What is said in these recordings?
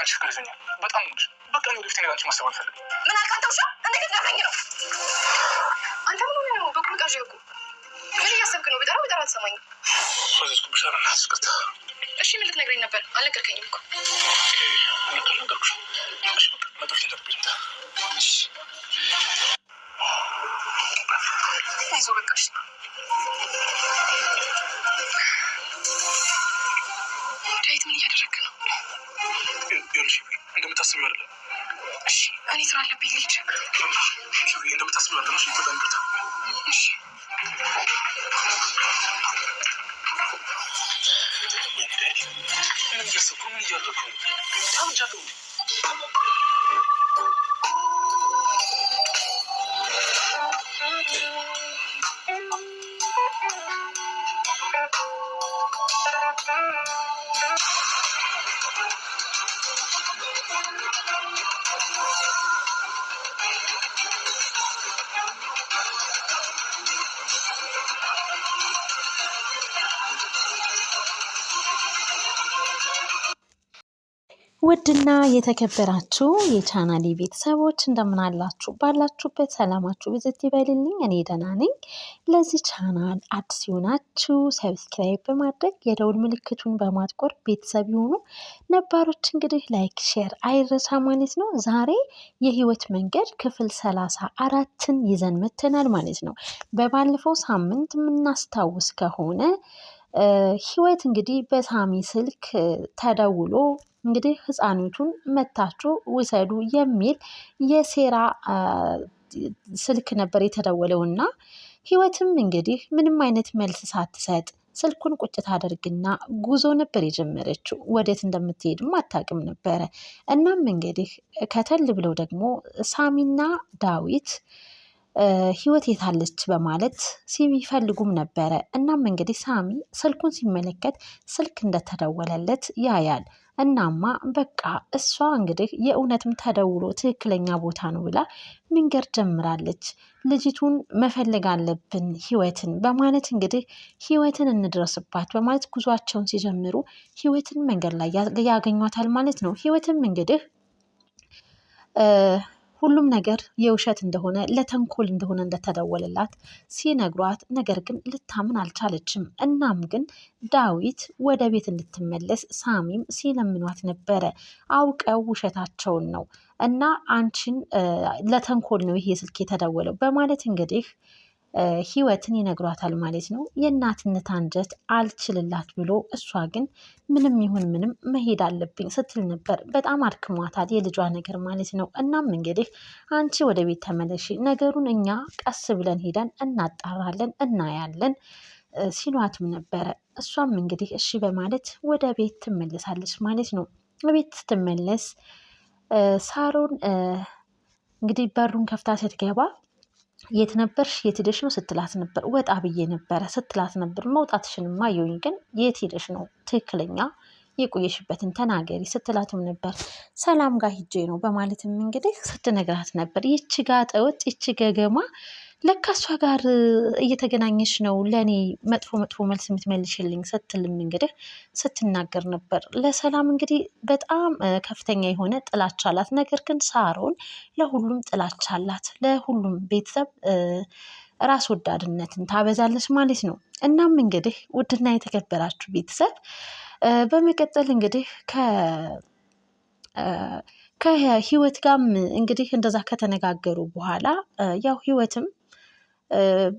ፍቅራችሁ ፍቅር ይዞኛል በጣም ነው። በቃ ነው ወደፊት ነገር ማሰብ አልፈልግም። ምን አልክ አንተ ውሻ? እንዴት ላገኝ ነው አንተ ምን ሆነ ነው? በቁምቃዥ እኮ ምን እያሰብክ ነው? ብጠራው ብጠራው አትሰማኝም። ፈዘዝኩብሻ ና ስቅታ እሺ ምን ልትነግረኝ ነበር? አልነገርከኝም እኮ ይዞ በቃሽ ዳዊት ምን እያደረግህ ነው? እንደምታስቢው ታስቢው አይደለም። እሺ፣ እኔ ስራ አለብኝ ልጅ። እንደምታስቢው አይደለም። እሺ፣ ይበላል። ይቅርታ። እሺ Thank you. ውድና የተከበራችሁ የቻናሌ ቤተሰቦች እንደምናላችሁ ባላችሁበት ሰላማችሁ ብዝት ይበልልኝ። እኔ ደህና ነኝ። ለዚህ ቻናል አዲስ የሆናችሁ ሰብስክራይብ በማድረግ የደውል ምልክቱን በማጥቆር ቤተሰብ የሆኑ ነባሮች እንግዲህ ላይክ፣ ሼር አይረሳ ማለት ነው። ዛሬ የህይወት መንገድ ክፍል ሰላሳ አራትን ይዘን መተናል ማለት ነው። በባለፈው ሳምንት የምናስታውስ ከሆነ ህይወት እንግዲህ በሳሚ ስልክ ተደውሎ እንግዲህ ህፃኒቱን መታችሁ ውሰዱ የሚል የሴራ ስልክ ነበር የተደወለውና ህይወትም እንግዲህ ምንም አይነት መልስ ሳትሰጥ ስልኩን ቁጭት አደርግና ጉዞ ነበር የጀመረችው። ወዴት እንደምትሄድም አታውቅም ነበረ። እናም እንግዲህ ከተል ብለው ደግሞ ሳሚና ዳዊት ህይወት የታለች በማለት ሲፈልጉም ነበረ። እናም እንግዲህ ሳሚ ስልኩን ሲመለከት ስልክ እንደተደወለለት ያያል። እናማ በቃ እሷ እንግዲህ የእውነትም ተደውሎ ትክክለኛ ቦታ ነው ብላ መንገር ጀምራለች። ልጅቱን መፈለግ አለብን ህይወትን በማለት እንግዲህ ህይወትን እንድረስባት በማለት ጉዟቸውን ሲጀምሩ ህይወትን መንገድ ላይ ያገኟታል ማለት ነው። ህይወትም እንግዲህ ሁሉም ነገር የውሸት እንደሆነ ለተንኮል እንደሆነ እንደተደወለላት ሲነግሯት፣ ነገር ግን ልታምን አልቻለችም። እናም ግን ዳዊት ወደ ቤት እንድትመለስ ሳሚም ሲለምኗት ነበረ። አውቀው ውሸታቸውን ነው እና አንቺን ለተንኮል ነው ይሄ ስልክ የተደወለው በማለት እንግዲህ ህይወትን ይነግሯታል ማለት ነው። የእናትነት አንጀት አልችልላት ብሎ እሷ ግን ምንም ይሁን ምንም መሄድ አለብኝ ስትል ነበር። በጣም አድክሟታል የልጇ ነገር ማለት ነው። እናም እንግዲህ አንቺ ወደ ቤት ተመለሺ፣ ነገሩን እኛ ቀስ ብለን ሄደን እናጣራለን፣ እናያለን ሲሏትም ነበረ። እሷም እንግዲህ እሺ በማለት ወደ ቤት ትመለሳለች ማለት ነው። ቤት ስትመለስ ሳሮን እንግዲህ በሩን ከፍታ ስትገባ የት ነበርሽ? የት ሄደሽ ነው ስትላት ነበር። ወጣ ብዬ ነበረ ስትላት ነበር። መውጣትሽንማ አየሁኝ፣ ግን የት ሄደሽ ነው ትክክለኛ የቆየሽበትን ተናገሪ ስትላትም ነበር። ሰላም ጋር ሂጄ ነው በማለትም እንግዲህ ስትነግራት ነበር። ይቺ ጋጠወጥ ይቺ ገገማ ለካ እሷ ጋር እየተገናኘች ነው ለእኔ መጥፎ መጥፎ መልስ የምትመልሽልኝ ስትልም እንግዲህ ስትናገር ነበር። ለሰላም እንግዲህ በጣም ከፍተኛ የሆነ ጥላቻ አላት። ነገር ግን ሳሮን ለሁሉም ጥላቻ አላት። ለሁሉም ቤተሰብ ራስ ወዳድነትን ታበዛለች ማለት ነው። እናም እንግዲህ ውድና የተከበራችሁ ቤተሰብ በመቀጠል እንግዲህ ከ ከህይወት ጋርም እንግዲህ እንደዛ ከተነጋገሩ በኋላ ያው ህይወትም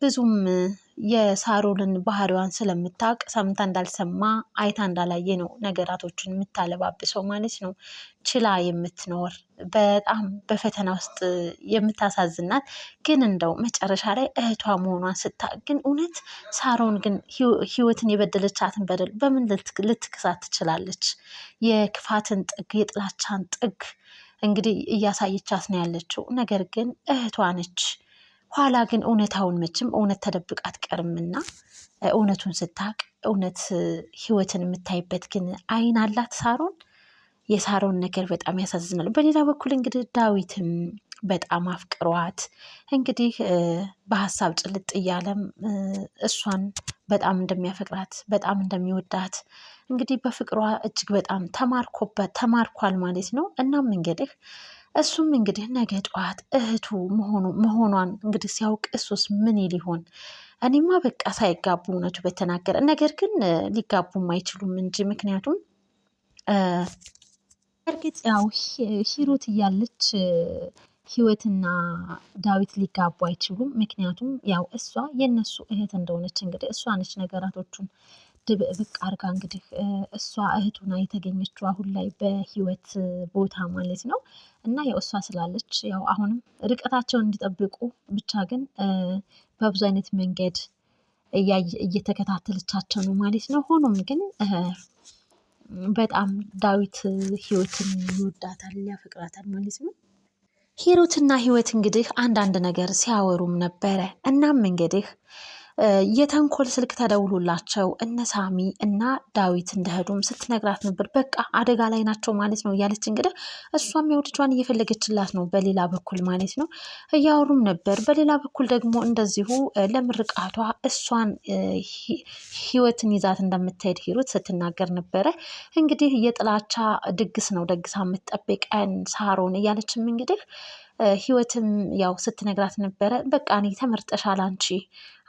ብዙም የሳሮንን ባህሪዋን ስለምታውቅ ሰምታ እንዳልሰማ አይታ እንዳላየ ነው ነገራቶችን የምታለባብሰው ማለት ነው። ችላ የምትኖር በጣም በፈተና ውስጥ የምታሳዝናት ግን እንደው መጨረሻ ላይ እህቷ መሆኗን ስታውቅ ግን እውነት ሳሮን ግን ህይወትን የበደለቻትን በደል በምን ልትክሳት ትችላለች? የክፋትን ጥግ የጥላቻን ጥግ እንግዲህ እያሳየቻት ነው ያለችው። ነገር ግን እህቷ ነች። ኋላ ግን እውነታውን መቼም እውነት ተደብቃ አትቀርምና እውነቱን ስታቅ እውነት ህይወትን የምታይበት ግን አይን አላት ሳሮን። የሳሮን ነገር በጣም ያሳዝናል። በሌላ በኩል እንግዲህ ዳዊትም በጣም አፍቅሯት እንግዲህ በሀሳብ ጭልጥ እያለም እሷን በጣም እንደሚያፈቅራት በጣም እንደሚወዳት እንግዲህ በፍቅሯ እጅግ በጣም ተማርኮበት ተማርኳል ማለት ነው። እናም እንግዲህ እሱም እንግዲህ ነገ ጠዋት እህቱ መሆኑ መሆኗን እንግዲህ ሲያውቅ እሱስ ምን ይል ይሆን? እኔማ በቃ ሳይጋቡ እውነቱ በተናገረ ነገር ግን ሊጋቡም አይችሉም እንጂ ምክንያቱም እርግጥ ያው ሂሩት እያለች ህይወትና ዳዊት ሊጋቡ አይችሉም። ምክንያቱም ያው እሷ የነሱ እህት እንደሆነች እንግዲህ እሷ ነች ነገራቶቹን ድብቅብቅ አርጋ እንግዲህ እሷ እህቱና የተገኘችው አሁን ላይ በህይወት ቦታ ማለት ነው። እና ያው እሷ ስላለች ያው አሁንም ርቀታቸውን እንዲጠብቁ ብቻ ግን በብዙ አይነት መንገድ እየተከታተለቻቸው ነው ማለት ነው። ሆኖም ግን በጣም ዳዊት ህይወትን ይወዳታል፣ ያፈቅራታል ማለት ነው። ሂሩትና ህይወት እንግዲህ አንዳንድ ነገር ሲያወሩም ነበረ። እናም እንግዲህ የተንኮል ስልክ ተደውሎላቸው እነ ሳሚ እና ዳዊት እንደሄዱም ስትነግራት ነበር። በቃ አደጋ ላይ ናቸው ማለት ነው እያለች እንግዲህ እሷም የውድጇን እየፈለገችላት ነው በሌላ በኩል ማለት ነው። እያወሩም ነበር። በሌላ በኩል ደግሞ እንደዚሁ ለምርቃቷ እሷን ህይወትን ይዛት እንደምትሄድ ሂሩት ስትናገር ነበረ። እንግዲህ የጥላቻ ድግስ ነው ደግሳ የምትጠብቀን ሳሮን እያለችም እንግዲህ ህይወትም ያው ስትነግራት ነበረ። በቃ እኔ ተመርጠሻል አንቺ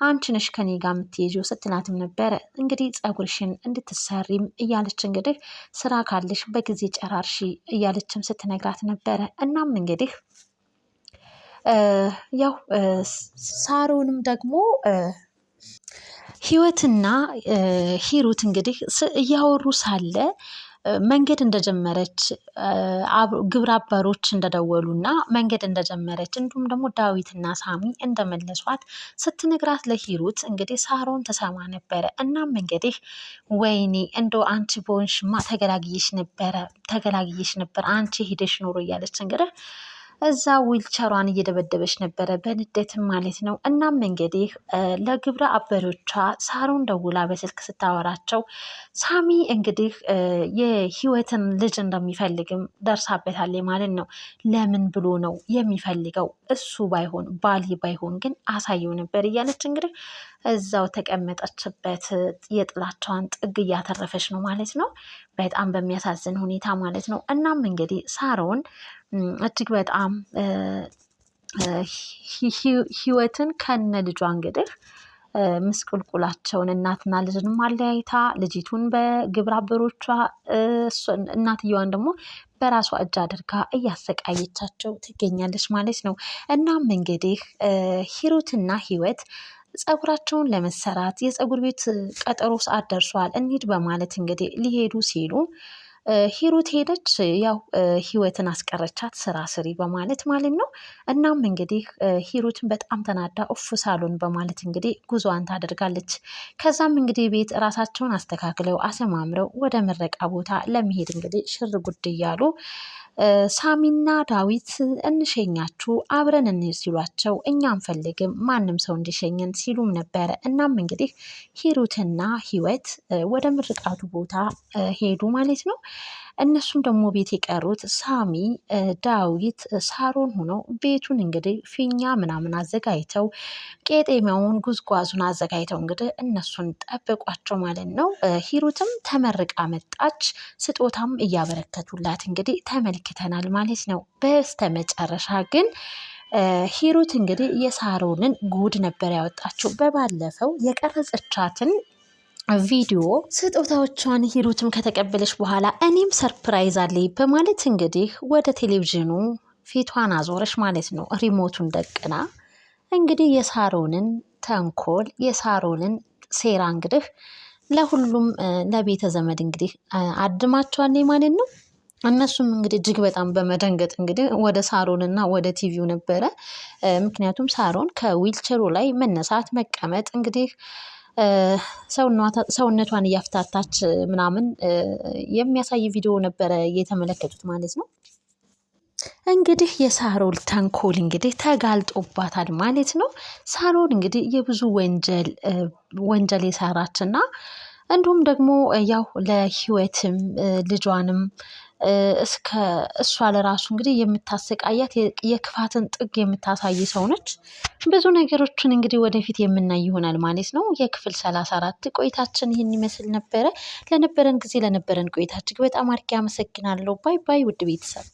አንቺ ነሽ ከኔ ጋር የምትሄጂው ስትላትም ነበረ። እንግዲህ ጸጉርሽን እንድትሰሪም እያለች እንግዲህ ስራ ካለሽ በጊዜ ጨራርሺ እያለችም ስትነግራት ነበረ። እናም እንግዲህ ያው ሳሮንም ደግሞ ህይወትና ሂሩት እንግዲህ እያወሩ ሳለ መንገድ እንደጀመረች ግብረ አበሮች እንደደወሉና መንገድ እንደጀመረች እንዲሁም ደግሞ ዳዊትና ሳሚ እንደመለሷት ስትነግራት ለሂሩት እንግዲህ ሳሮን ተሰማ ነበረ። እናም እንግዲህ ወይኔ እንደ አንቺ በሆንሽማ ተገላግየሽ ነበረ ተገላግየሽ ነበር አንቺ ሂደሽ ኖሮ እያለች እንግዲህ እዛ ዊልቸሯን እየደበደበች ነበረ በንዴትም ማለት ነው። እናም እንግዲህ ለግብረ አበሮቿ ሳሩን ደውላ በስልክ ስታወራቸው ሳሚ እንግዲህ የህይወትን ልጅ እንደሚፈልግም ደርሳበታል ማለት ነው። ለምን ብሎ ነው የሚፈልገው? እሱ ባይሆን ባሊ ባይሆን ግን አሳየው ነበር እያለች እንግዲህ እዛው ተቀመጠችበት የጥላቸዋን ጥግ እያተረፈች ነው ማለት ነው። በጣም በሚያሳዝን ሁኔታ ማለት ነው። እናም እንግዲህ ሳሮን እጅግ በጣም ህይወትን ከነ ልጇ እንግዲህ ምስቁልቁላቸውን እናትና ልጅንም አለያይታ ልጅቱን በግብረ አበሮቿ እናትየዋን ደግሞ በራሷ እጅ አድርጋ እያሰቃየቻቸው ትገኛለች ማለት ነው። እናም እንግዲህ ሂሩትና ህይወት ጸጉራቸውን ለመሰራት የጸጉር ቤት ቀጠሮ ሰዓት ደርሷል እንሂድ በማለት እንግዲህ ሊሄዱ ሲሉ ሂሩት ሄደች። ያው ህይወትን አስቀረቻት ስራ ስሪ በማለት ማለት ነው። እናም እንግዲህ ሂሩትን በጣም ተናዳ እፉ ሳሉን በማለት እንግዲህ ጉዞዋን ታደርጋለች። ከዛም እንግዲህ ቤት ራሳቸውን አስተካክለው አሰማምረው ወደ ምረቃ ቦታ ለመሄድ እንግዲህ ሽር ጉድ እያሉ ሳሚና ዳዊት እንሸኛችሁ አብረን እንሂድ ሲሏቸው እኛ አንፈልግም ማንም ሰው እንዲሸኝን ሲሉም ነበረ። እናም እንግዲህ ሂሩትና ህይወት ወደ ምርቃቱ ቦታ ሄዱ ማለት ነው። እነሱም ደግሞ ቤት የቀሩት ሳሚ፣ ዳዊት፣ ሳሮን ሆነው ቤቱን እንግዲህ ፊኛ ምናምን አዘጋጅተው ቄጤሚያውን ጉዝጓዙን አዘጋጅተው እንግዲህ እነሱን ጠብቋቸው ማለት ነው። ሂሩትም ተመርቃ መጣች። ስጦታም እያበረከቱላት እንግዲህ ተመልክተናል ማለት ነው። በስተ መጨረሻ ግን ሂሩት እንግዲህ የሳሮንን ጉድ ነበር ያወጣችው። በባለፈው የቀረጸቻትን ቪዲዮ ስጦታዎቿን ሂሩትም ከተቀበለች በኋላ እኔም ሰርፕራይዝ አለኝ በማለት እንግዲህ ወደ ቴሌቪዥኑ ፊቷን አዞረች ማለት ነው። ሪሞቱን ደቅና እንግዲህ የሳሮንን ተንኮል የሳሮንን ሴራ እንግዲህ ለሁሉም ለቤተ ዘመድ እንግዲህ አድማቸዋለች ማለት ነው። እነሱም እንግዲህ እጅግ በጣም በመደንገጥ እንግዲህ ወደ ሳሮን እና ወደ ቲቪው ነበረ። ምክንያቱም ሳሮን ከዊልቸሩ ላይ መነሳት መቀመጥ እንግዲህ ሰውነቷን እያፍታታች ምናምን የሚያሳይ ቪዲዮ ነበረ የተመለከቱት ማለት ነው። እንግዲህ የሳሮል ተንኮል እንግዲህ ተጋልጦባታል ማለት ነው። ሳሮል እንግዲህ የብዙ ወንጀል ወንጀል የሰራች እና እንዲሁም ደግሞ ያው ለህይወትም ልጇንም እስከ እሷ ለራሱ እንግዲህ የምታሰቃያት የክፋትን ጥግ የምታሳይ ሰው ነች። ብዙ ነገሮችን እንግዲህ ወደፊት የምናይ ይሆናል ማለት ነው። የክፍል ሰላሳ አራት ቆይታችን ይህን ይመስል ነበረ። ለነበረን ጊዜ ለነበረን ቆይታ እጅግ በጣም አድርጌ አመሰግናለሁ። ባይ ባይ ውድ ቤተሰብ